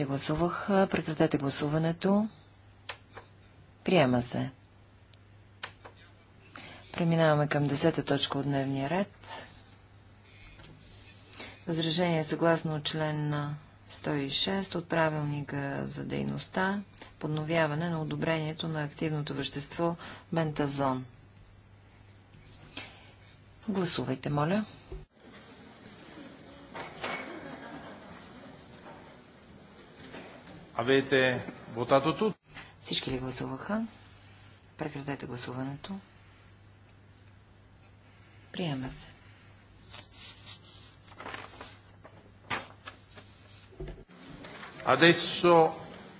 ли гласувах. Прекратете гласуването. Приема се. Преминаваме към 10-та точка от дневния ред. Възражение съгласно член на 106 от правилника за дейността, подновяване на одобрението на активното вещество бентазон. Гласувайте, моля. Avete votato tutti? Всички ли гласуваха? Прекратете гласуването. Приема се. Adesso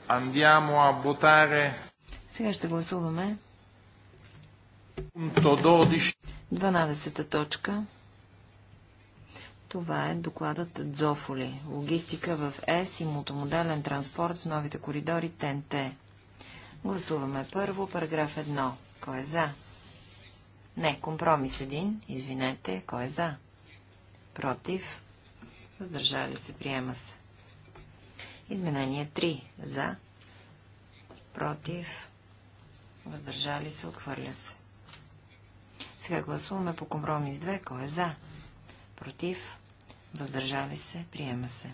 andiamo a votare. Сега ще гласуваме. 12 точка. Това е докладът Дзофоли. Логистика в ЕС и мултомодален транспорт в новите коридори ТНТ. Гласуваме първо параграф 1. Кой е за? Не, компромис 1. Извинете, кой е за? Против. Въздържали се, приема се. Изменение 3. За. Против. Въздържали се, отхвърля се. Сега гласуваме по компромис 2. Кой е за? против, въздържали се, приема се.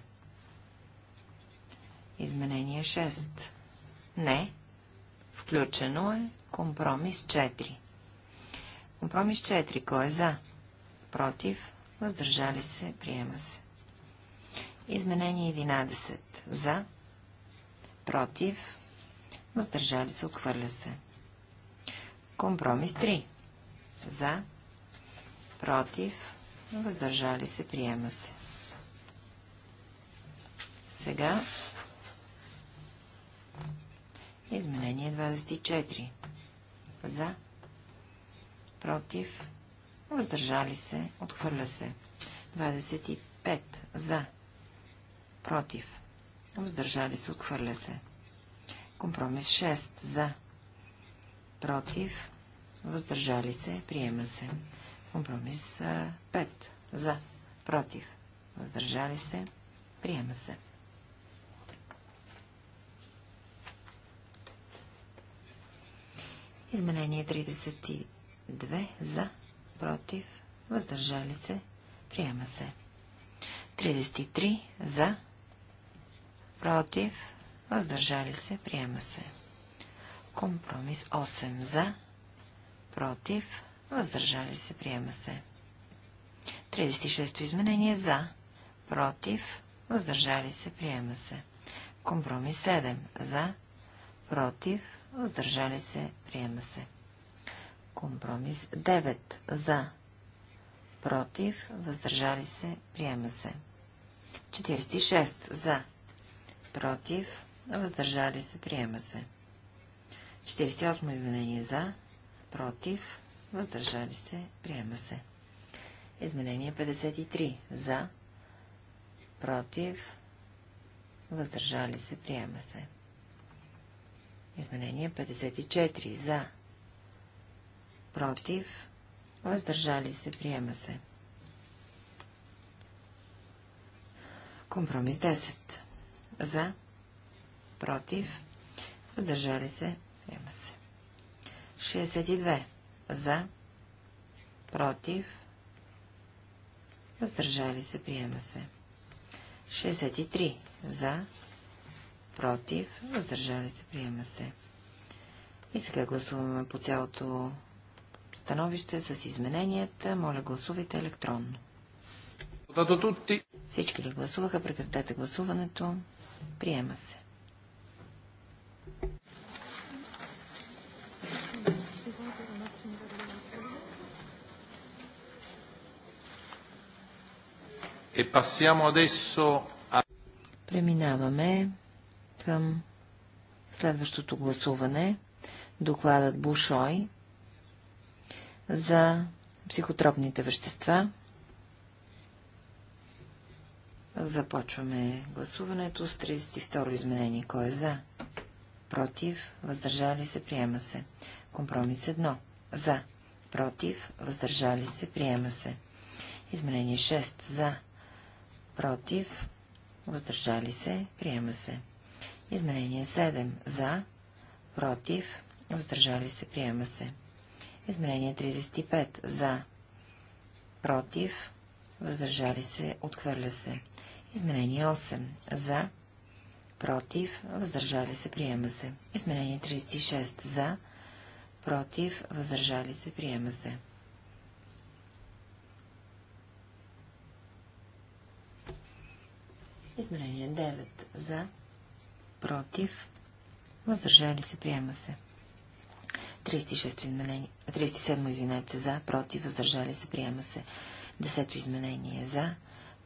Изменение 6. Не. Включено е компромис 4. Компромис 4. Кой е за? Против, въздържали се, приема се. Изменение 11. За, против, въздържали се, отхвърля се. Компромис 3. За, против, Въздържали се. Приема се. Сега. Изменение 24. За. Против. Въздържали се. Отхвърля се. 25. За. Против. Въздържали се. Отхвърля се. Компромис 6. За. Против. Въздържали се. Приема се. Компромис 5. За. Против. Въздържали се. Приема се. Изменение 32. За. Против. Въздържали се. Приема се. 33. За. Против. Въздържали се. Приема се. Компромис 8. За. Против. Въздържали се. Приема се. 36-то изменение за. Против. Въздържали се. Приема се. Компромис 7. За. Против. Въздържали се. Приема се. Компромис 9. За. Против. Въздържали се. Приема се. 46. За. Против. Въздържали се. Приема се. 48 изменение за. Против въздържали се, приема се. Изменение 53. За, против, въздържали се, приема се. Изменение 54. За, против, въздържали се, приема се. Компромис 10. За, против, въздържали се, приема се. 62. За. Против. Въздържали се. Приема се. 63. За. Против. Въздържали се. Приема се. И сега гласуваме по цялото становище с измененията. Моля, гласувайте електронно. Всички ли гласуваха? Прекратете гласуването. Приема се. E Преминаваме към следващото гласуване. Докладът Бушой за психотропните вещества. Започваме гласуването с 32 изменение. Кой е за? Против. Въздържали се. Приема се. Компромис 1. За. Против. Въздържали се. Приема се. Изменение 6. За против, въздържали се, приема се. Изменение 7 за, против, въздържали се, приема се. Изменение 35 за, против, въздържали се, отхвърля се. Изменение 8 за, против, въздържали се, приема се. Изменение 36 за, против, въздържали се, приема се. Изменение 9 за, против, въздържали се, приема се. 36 изменение, 37 извинете за, против, въздържали се, приема се. 10 изменение за,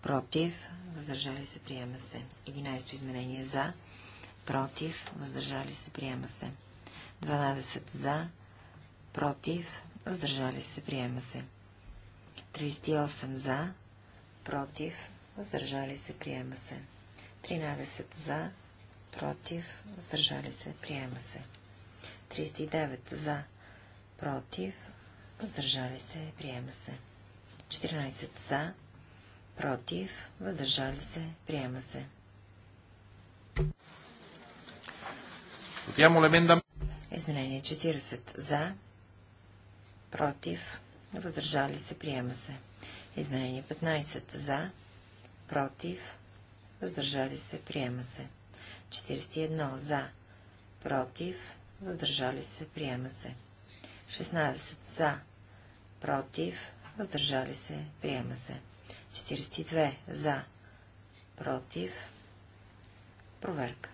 против, въздържали се, приема се. 11 изменение за, против, въздържали се, приема се. 12 за, против, въздържали се, приема се. 38 за, против, въздържали се, приема се. 13 за, против, въздържали се, приема се. 39 за, против, въздържали се, приема се. 14 за, против, въздържали се, приема се. Изменение 40 за, против, въздържали се, приема се. Изменение 15 за, против, въздържали се, приема се. 41 за, против, въздържали се, приема се. 16 за, против, въздържали се, приема се. 42 за, против, проверка.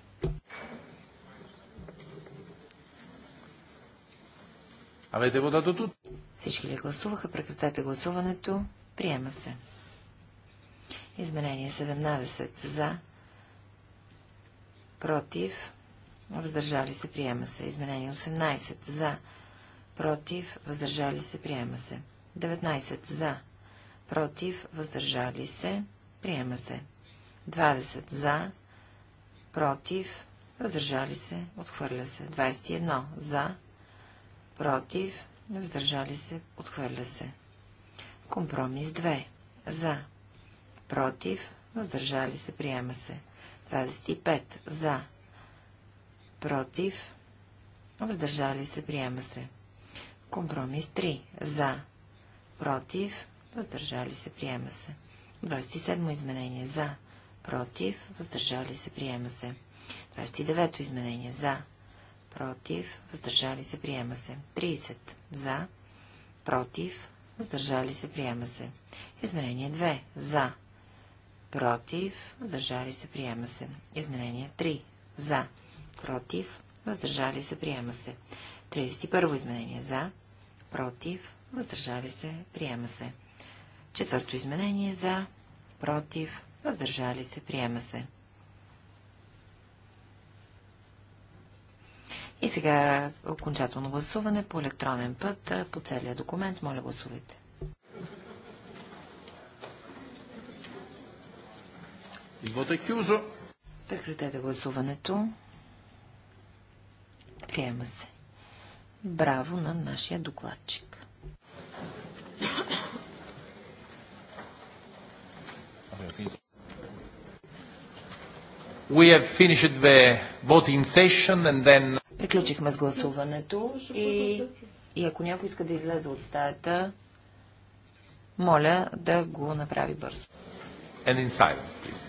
Всички ли гласуваха? Прекратете гласуването. Приема се. Изменение 17 за, против, въздържали се, приема се. Изменение 18 за, против, въздържали се, приема се. 19 за, против, въздържали се, приема се. 20 за, против, въздържали се, отхвърля се. 21 за, против, въздържали се, отхвърля се. Компромис 2 за, против, въздържали се, приема се. 25 за, против, въздържали се, приема се. Компромис 3 за, против, въздържали се, приема се. 27 изменение за, против, въздържали се, приема се. 29 изменение за, против, въздържали се, приема се. 30 за, против, въздържали се, приема се. Изменение 2 за, против, въздържали се, приема се. Изменение 3. За, против, въздържали се, приема се. 31 изменение. За, против, въздържали се, приема се. Четвърто изменение. За, против, въздържали се, приема се. И сега окончателно гласуване по електронен път по целия документ. Моля гласувайте. Прекратете гласуването. Приема се. Браво на нашия докладчик. We have finished the voting session and then... Приключихме с гласуването и, и ако някой иска да излезе от стаята, моля да го направи бързо and in silence, please.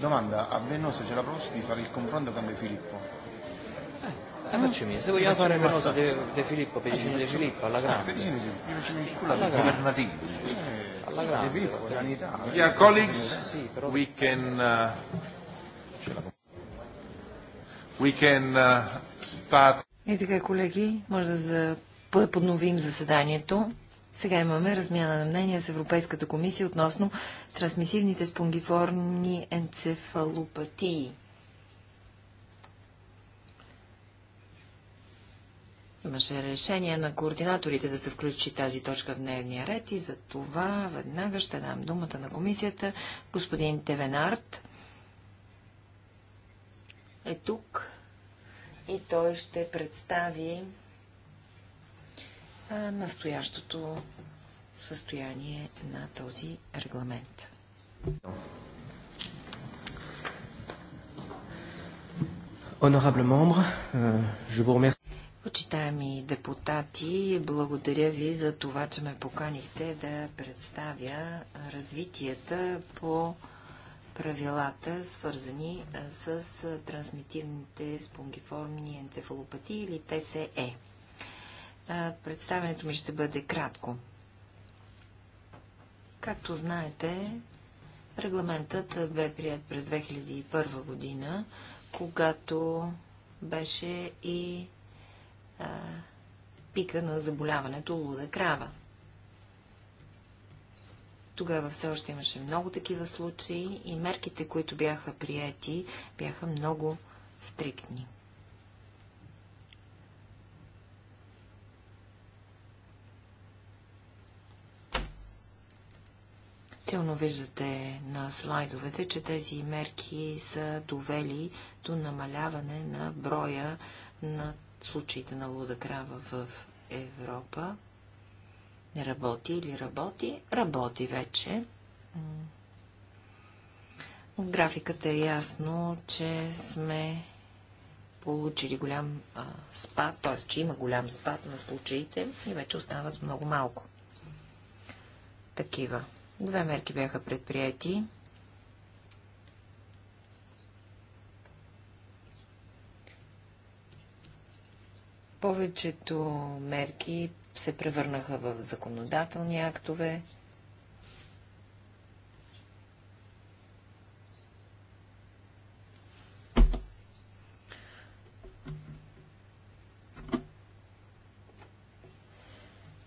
Domanda, a Venosa ce la proposta di fare il confronto con De Filippo. Eh, eh, eh, se vogliamo fare Venosa De, De Filippo, Pedicini De Filippo, alla grande. Alla grande Alla grande. alla grande alla colleagues, we can... Uh, we can uh, start... И така, колеги, може да подновим заседанието. Сега имаме размяна на мнение с Европейската комисия относно трансмисивните спонгиформни енцефалопатии. Имаше решение на координаторите да се включи тази точка в дневния ред и за това веднага ще дам думата на комисията. Господин Тевенарт е тук и той ще представи настоящото състояние на този регламент. Honorable membre, euh, je vous remercie. Почитаеми депутати, благодаря ви за това, че ме поканихте да представя развитията по правилата, свързани с трансмитивните спонгиформни енцефалопатии или ТСЕ. Представенето ми ще бъде кратко. Както знаете, регламентът бе прият през 2001 година, когато беше и а, пика на заболяването луда крава. Тогава все още имаше много такива случаи и мерките, които бяха приети, бяха много стриктни. Силно виждате на слайдовете, че тези мерки са довели до намаляване на броя на случаите на луда крава в Европа. Не работи или работи? Работи вече. От графиката е ясно, че сме получили голям а, спад, т.е. че има голям спад на случаите и вече остават много малко такива. Две мерки бяха предприяти. Повечето мерки се превърнаха в законодателни актове.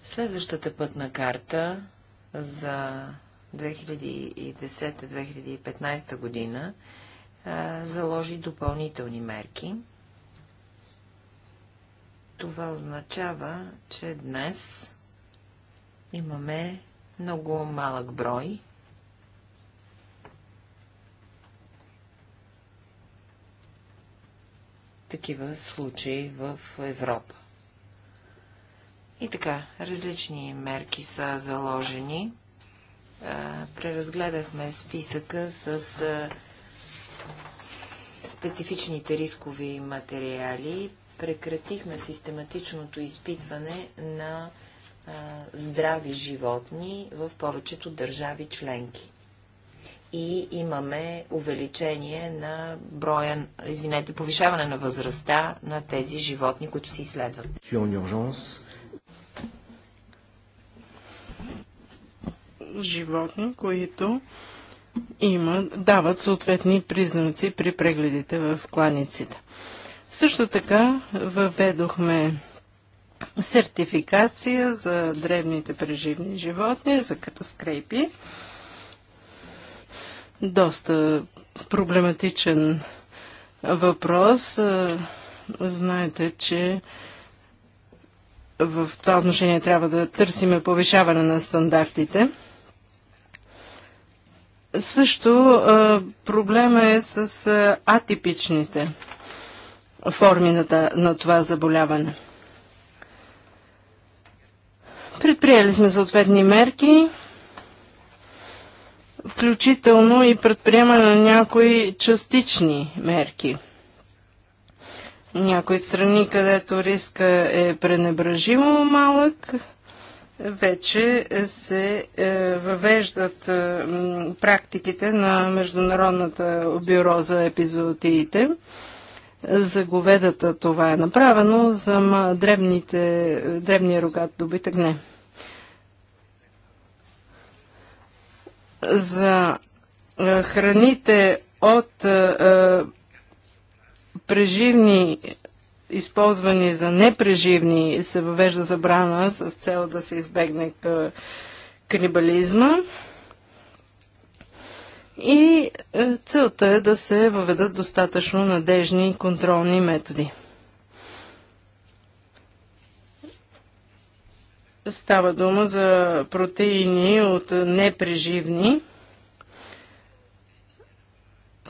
Следващата пътна карта за 2010-2015 година заложи допълнителни мерки. Това означава, че днес имаме много малък брой такива случаи в Европа. И така, различни мерки са заложени. преразгледахме списъка с специфичните рискови материали. Прекратихме систематичното изпитване на здрави животни в повечето държави членки. И имаме увеличение на броя, извинете, повишаване на възрастта на тези животни, които се изследват. животни, които има, дават съответни признаци при прегледите в кланиците. Също така въведохме сертификация за древните преживни животни, за скрепи. Доста проблематичен въпрос. Знаете, че в това отношение трябва да търсиме повишаване на стандартите. Също проблема е с атипичните форми на, това заболяване. Предприели сме съответни мерки, включително и предприемане на някои частични мерки. Някои страни, където риска е пренебрежимо малък, вече се е, въвеждат е, практиките на Международната бюро за епизоотиите. За говедата това е направено, за дребните, дребния рогат добитък не. За е, храните от преживни използвани за непреживни, се въвежда забрана с цел да се избегне канибализма. И е, целта е да се въведат достатъчно надежни контролни методи. Става дума за протеини от непреживни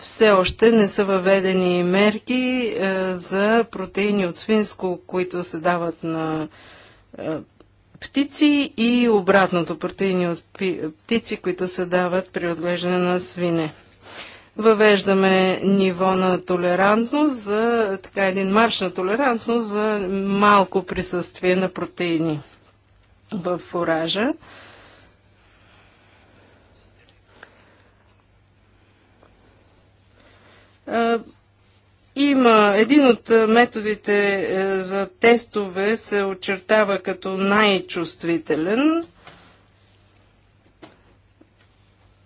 все още не са въведени мерки е, за протеини от свинско, които се дават на е, птици и обратното протеини от птици, които се дават при отглеждане на свине. Въвеждаме ниво на толерантност за така един марш на толерантност за малко присъствие на протеини в фуража. Е, има един от е, методите е, за тестове се очертава като най-чувствителен.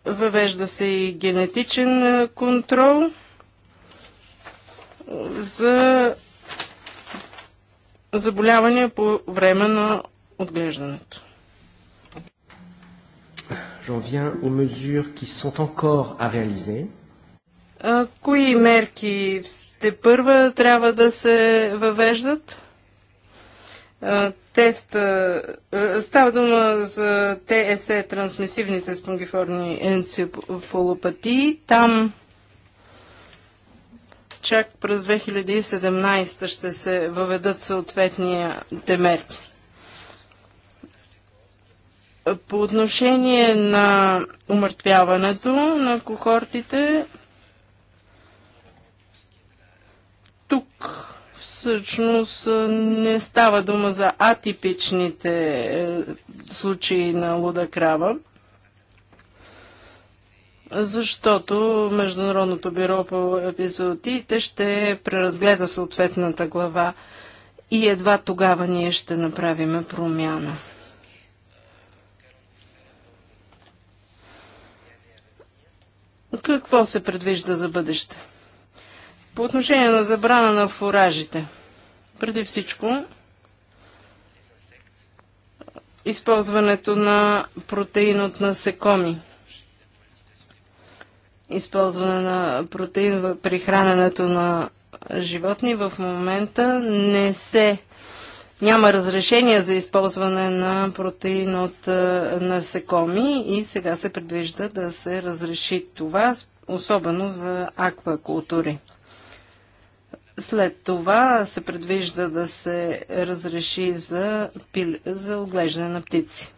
Въвежда се и генетичен контрол за заболявания по време на отглеждането. J'en viens aux mesures qui sont encore à réaliser. А, кои мерки те първа трябва да се въвеждат? А, а, става дума за ТСЕ, трансмисивните спонгиформни енцефалопатии. Там чак през 2017 ще се въведат съответните мерки. По отношение на умъртвяването на кохортите, Тук всъщност не става дума за атипичните е, случаи на луда крава, защото Международното бюро по епизодите ще преразгледа съответната глава и едва тогава ние ще направим промяна. Какво се предвижда за бъдеще? По отношение на забрана на фуражите, преди всичко, използването на протеин от насекоми. Използване на протеин при храненето на животни в момента не се няма разрешение за използване на протеин от е, насекоми и сега се предвижда да се разреши това, особено за аквакултури. След това се предвижда да се разреши за, пил... за отглеждане на птици.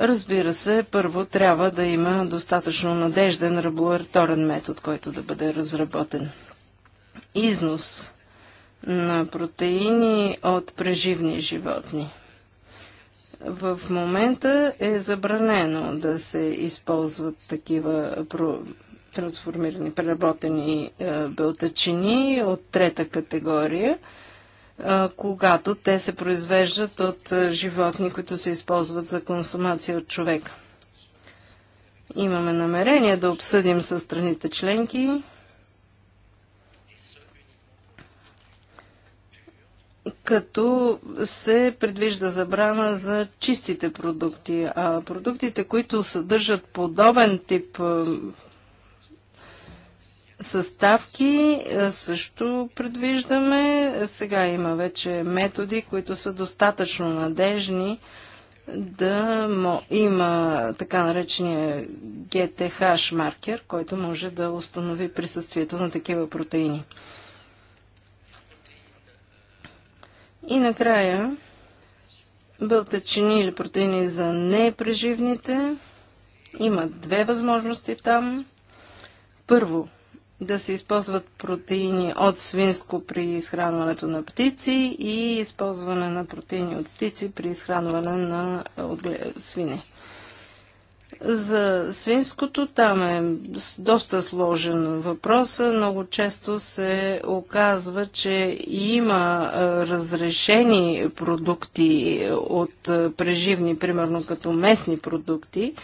Разбира се, първо трябва да има достатъчно надежден регулаторен метод, който да бъде разработен. Износ на протеини от преживни животни. В момента е забранено да се използват такива трансформирани, преработени е, белтачини от трета категория, е, когато те се произвеждат от е, животни, които се използват за консумация от човека. Имаме намерение да обсъдим с страните членки като се предвижда забрана за чистите продукти, а продуктите, които съдържат подобен тип Съставки е, също предвиждаме. Сега има вече методи, които са достатъчно надежни да има така наречения GTH маркер, който може да установи присъствието на такива протеини. И накрая бълтачини или протеини за непреживните. Има две възможности там. Първо, да се използват протеини от свинско при изхранването на птици и използване на протеини от птици при изхранване на свини. За свинското там е доста сложен въпрос. Много често се оказва, че има разрешени продукти от преживни, примерно като местни продукти,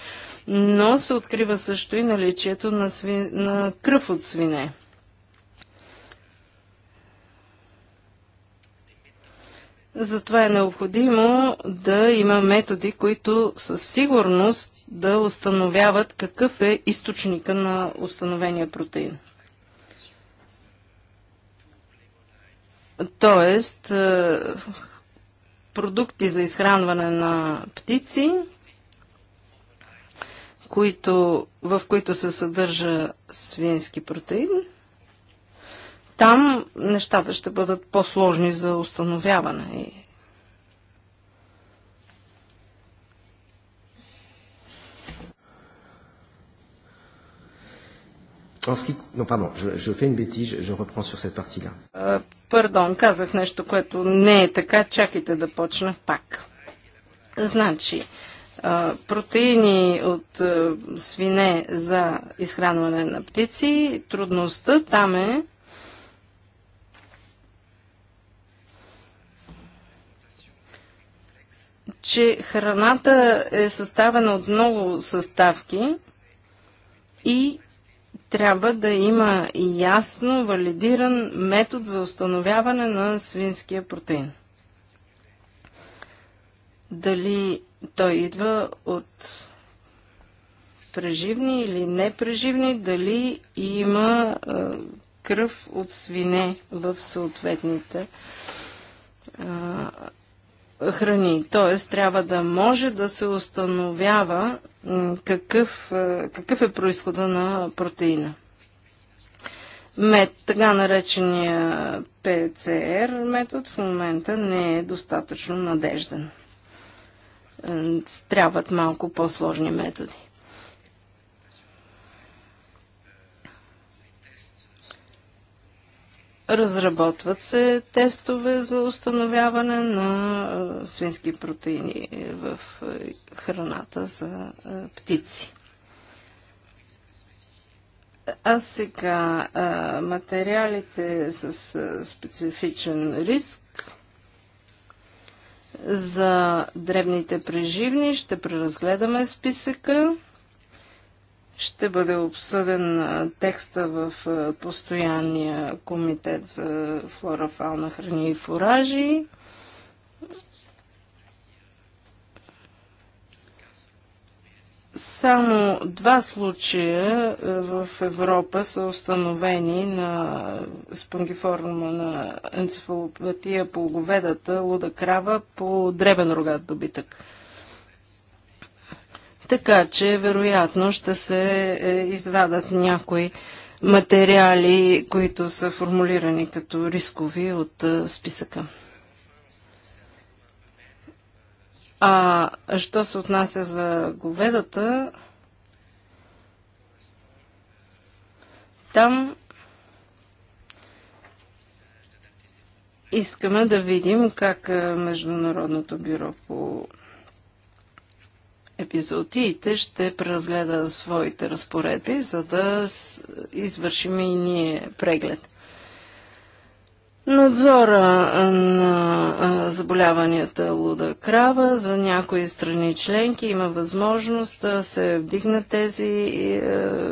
но се открива също и наличието на, сви... на кръв от свине. Затова е необходимо да има методи, които със сигурност да установяват какъв е източника на установения протеин. Тоест, е, продукти за изхранване на птици, които, в които се съдържа свински протеин, там нещата ще бъдат по-сложни за установяване и Пардон, казах нещо, което не е така. Чакайте да почна пак. Значи, протеини от свине за изхранване на птици, трудността там е че храната е съставена от много съставки и трябва да има ясно валидиран метод за установяване на свинския протеин. Дали той идва от преживни или непреживни, дали има кръв от свине в съответните храни. Т.е. трябва да може да се установява какъв, какъв е происхода на протеина. Мет, така наречения ПЦР метод в момента не е достатъчно надежден. Трябват малко по-сложни методи. Разработват се тестове за установяване на свински протеини в храната за птици. А сега материалите с специфичен риск за дребните преживни ще преразгледаме списъка ще бъде обсъден текста в постоянния комитет за флора, фауна, храни и фуражи. Само два случая в Европа са установени на спонгиформа на енцефалопатия по говедата, луда крава, по дребен рогат добитък. Така че, вероятно, ще се е, извадат някои материали, които са формулирани като рискови от е, списъка. А що се отнася за говедата, там искаме да видим как е, Международното бюро по епизодиите ще преразгледа своите разпоредби, за да извършим и ние преглед. Надзора на заболяванията луда крава за някои страни членки има възможност да се вдигнат тези е,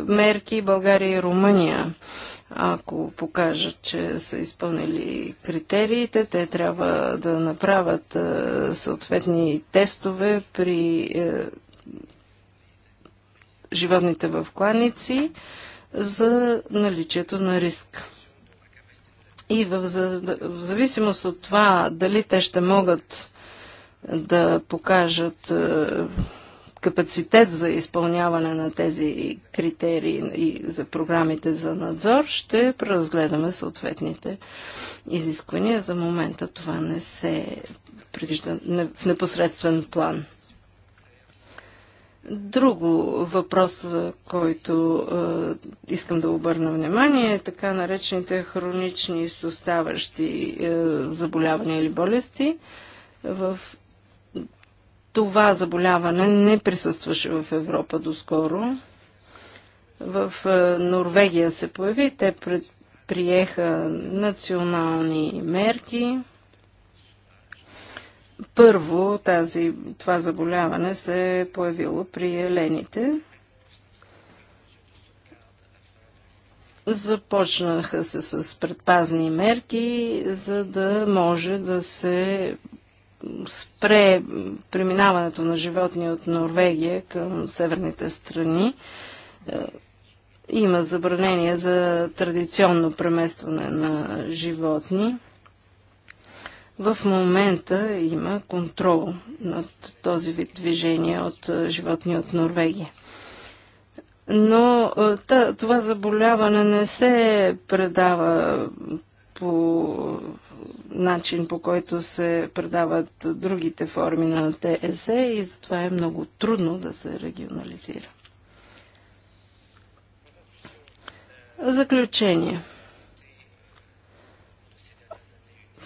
мерки България и Румъния ако покажат, че са изпълнили критериите, те трябва да направят е, съответни тестове при е, животните в кланици за наличието на риск. И в, в зависимост от това дали те ще могат да покажат е, капацитет за изпълняване на тези критерии и за програмите за надзор, ще преразгледаме съответните изисквания. За момента това не се предвижда в непосредствен план. Друго въпрос, за който е, искам да обърна внимание, е така наречените хронични изоставащи е, заболявания или болести. В това заболяване не присъстваше в Европа доскоро. В е, Норвегия се появи, те приеха национални мерки. Първо тази, това заболяване се е появило при елените. Започнаха се с предпазни мерки, за да може да се спре преминаването на животни от Норвегия към северните страни. Е, има забранение за традиционно преместване на животни. В момента има контрол над този вид движение от е, животни от Норвегия. Но е, това заболяване не се предава по начин по който се предават другите форми на ТСЕ и затова е много трудно да се регионализира. Заключение.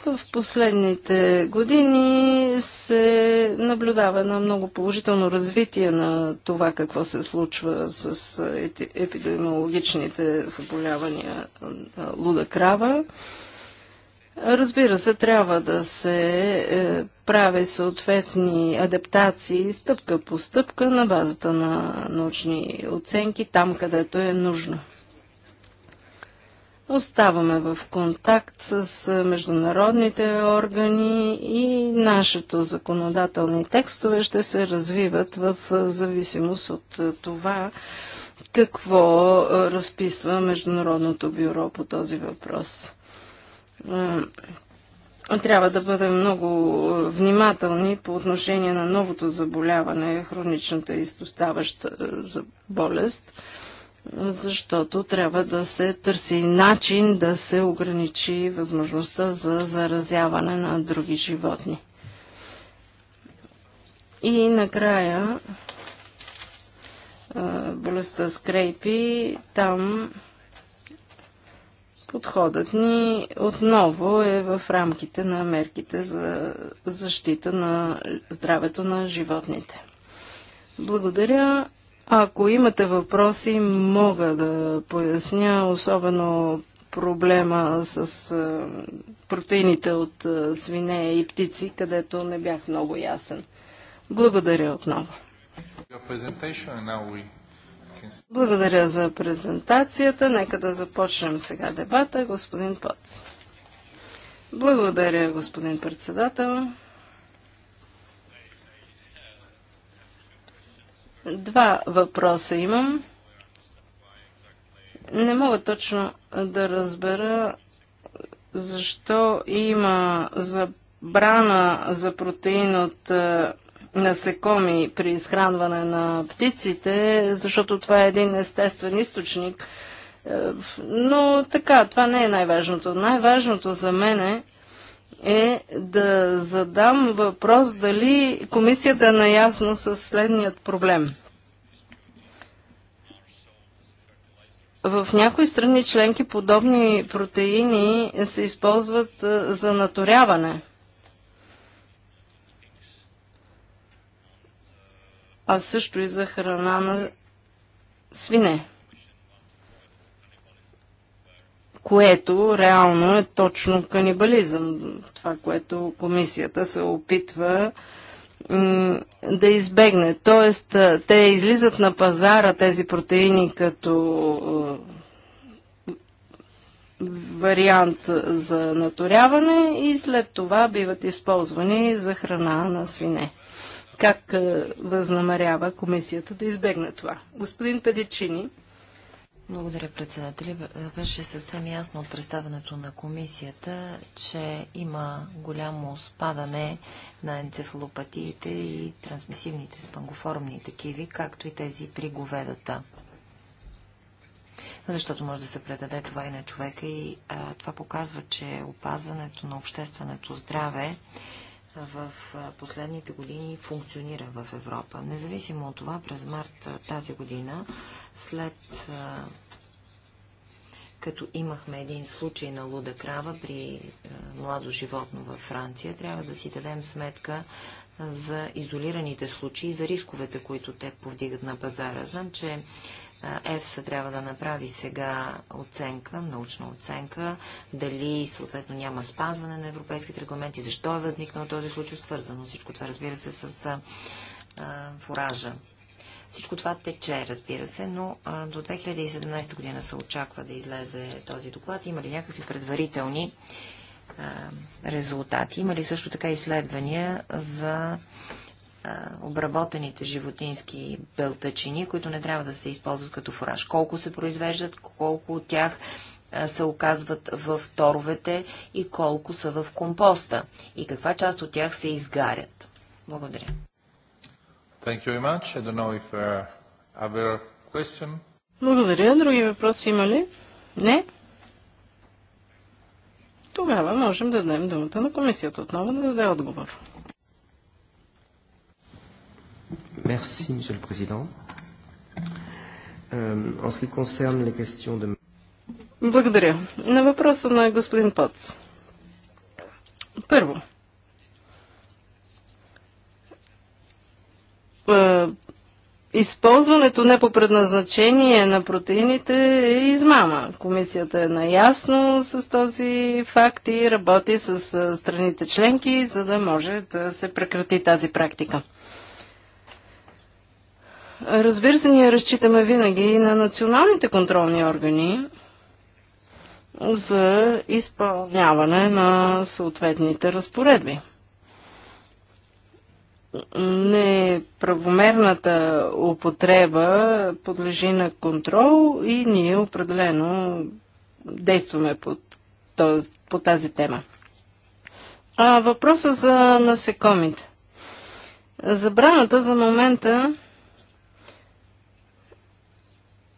В последните години се наблюдава на много положително развитие на това какво се случва с епидемиологичните заболявания на луда крава. Разбира се, трябва да се е, прави съответни адаптации стъпка по стъпка на базата на научни оценки, там където е нужно. Оставаме в контакт с е, международните органи и нашето законодателни текстове ще се развиват в е, зависимост от това какво разписва Международното бюро по този въпрос трябва да бъдем много е, внимателни по отношение на новото заболяване, хроничната изтоставаща е, болест, защото трябва да се търси начин да се ограничи възможността за заразяване на други животни. И накрая е, болестта скрепи, там Подходът ни отново е в рамките на мерките за защита на здравето на животните. Благодаря. Ако имате въпроси, мога да поясня, особено проблема с протеините от свине и птици, където не бях много ясен. Благодаря отново. Благодаря за презентацията. Нека да започнем сега дебата. Господин Поц. Благодаря, господин председател. Два въпроса имам. Не мога точно да разбера защо има забрана за протеин от е, насекоми при изхранване на птиците, защото това е един естествен източник. Е, но така, това не е най-важното. Най-важното за мен е, е да задам въпрос дали комисията е наясно с следният проблем. В някои страни членки подобни протеини се използват е, за наторяване. а също и за храна на свине. Което реално е точно канибализъм. Това, което комисията се опитва да избегне. Тоест, те излизат на пазара тези протеини като вариант за наторяване и след това биват използвани за храна на свине. Как е, възнамерява комисията да избегне това? Господин Педичини. Благодаря, председателя. Е, беше съвсем ясно от представенето на комисията, че има голямо спадане на енцефалопатиите и трансмисивните спангоформни такиви, както и тези при говедата. Защото може да се предаде това и на човека и а, това показва, че опазването на общественото здраве в последните години функционира в Европа. Независимо от това, през март тази година, след като имахме един случай на луда крава при младо животно във Франция, трябва да си дадем сметка за изолираните случаи, за рисковете, които те повдигат на пазара. Знам, че е, ЕФСА трябва да направи сега оценка, научна оценка, дали съответно няма спазване на европейските регламенти, защо е възникнал този случай, свързано всичко това, разбира се, с а, фуража. Всичко това тече, разбира се, но а, до 2017 година се очаква да излезе този доклад. Има ли някакви предварителни а, резултати? Има ли също така изследвания за обработените животински белтъчини, които не трябва да се използват като фураж. Колко се произвеждат, колко от тях се оказват в торовете и колко са в компоста и каква част от тях се изгарят. Благодаря. If, uh, Благодаря. Други въпроси има ли? Не? Тогава можем да дадем думата на комисията отново да даде отговор. Merci, Monsieur le Président. Euh, en ce qui concerne les questions de... Благодаря. На въпроса на господин Поц. Първо, използването не по предназначение на протеините е измама. Комисията е наясно с този факт и работи с страните членки, за да може да се прекрати тази практика. Разбира се, ние разчитаме винаги и на националните контролни органи за изпълняване на съответните разпоредби. Неправомерната употреба подлежи на контрол и ние определено действаме по, тази тема. А въпроса за насекомите. Забраната за момента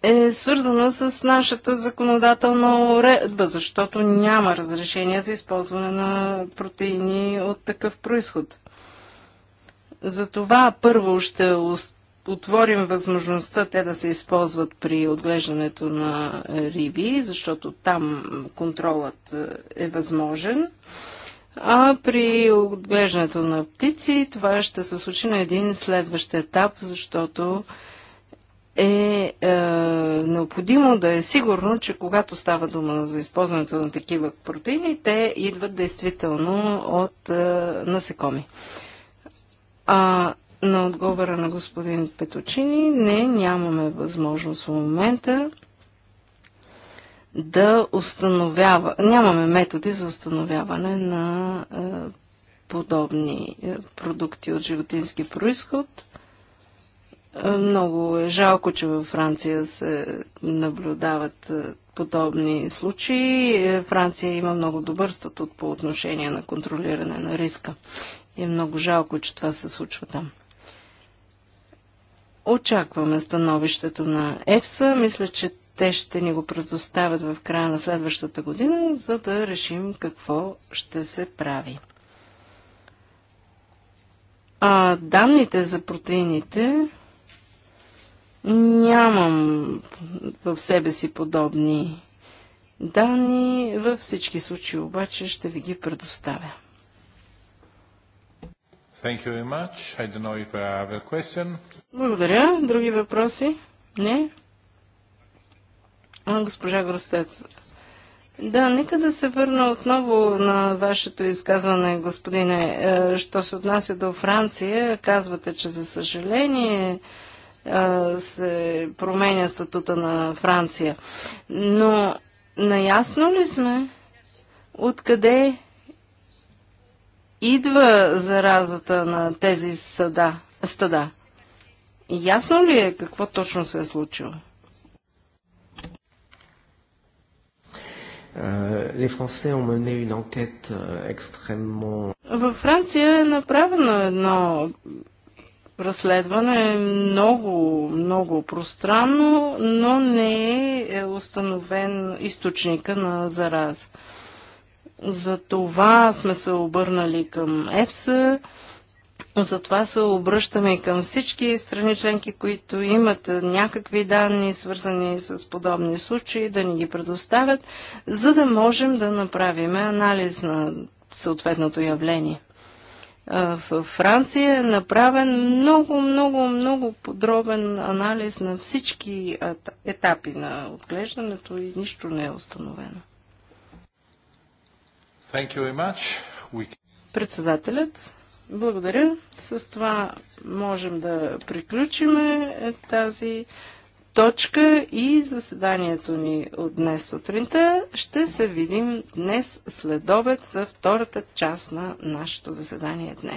е свързана с нашата законодателна уредба, защото няма разрешение за използване на протеини от такъв происход. Затова първо ще отворим възможността те да се използват при отглеждането на риби, защото там контролът е възможен. А при отглеждането на птици това ще се случи на един следващ етап, защото е, е необходимо да е сигурно, че когато става дума за използването на такива протеини, те идват действително от е, насекоми. А на отговора на господин Петочини, не, нямаме възможност в момента да установява, нямаме методи за установяване на е, подобни е, продукти от животински происход – е, много е жалко, че във Франция се наблюдават е, подобни случаи. Е, Франция има много добър статут по отношение на контролиране на риска. И е много жалко, че това се случва там. Очакваме становището на ЕФСА. Мисля, че те ще ни го предоставят в края на следващата година, за да решим какво ще се прави. А данните за протеините Нямам в себе си подобни данни. Във всички случаи обаче ще ви ги предоставя. Благодаря. Други въпроси? Не? А, госпожа Гростет, Да, нека да се върна отново на вашето изказване, господине. Е, що се отнася до Франция, казвате, че за съжаление се променя статута на Франция. Но наясно ли сме откъде идва заразата на тези съда, стада? Ясно ли е какво точно се е случило? Е, е, Във Франция е направено едно разследване е много, много пространно, но не е установен източника на зараза. За това сме се обърнали към ЕФСА, затова се обръщаме и към всички страни членки, които имат някакви данни, свързани с подобни случаи, да ни ги предоставят, за да можем да направим анализ на съответното явление в Франция е направен много, много, много подробен анализ на всички етапи на отглеждането и нищо не е установено. We... Председателят, благодаря. С това можем да приключим тази точка и заседанието ни от днес сутринта. Ще се видим днес след обед за втората част на нашето заседание днес.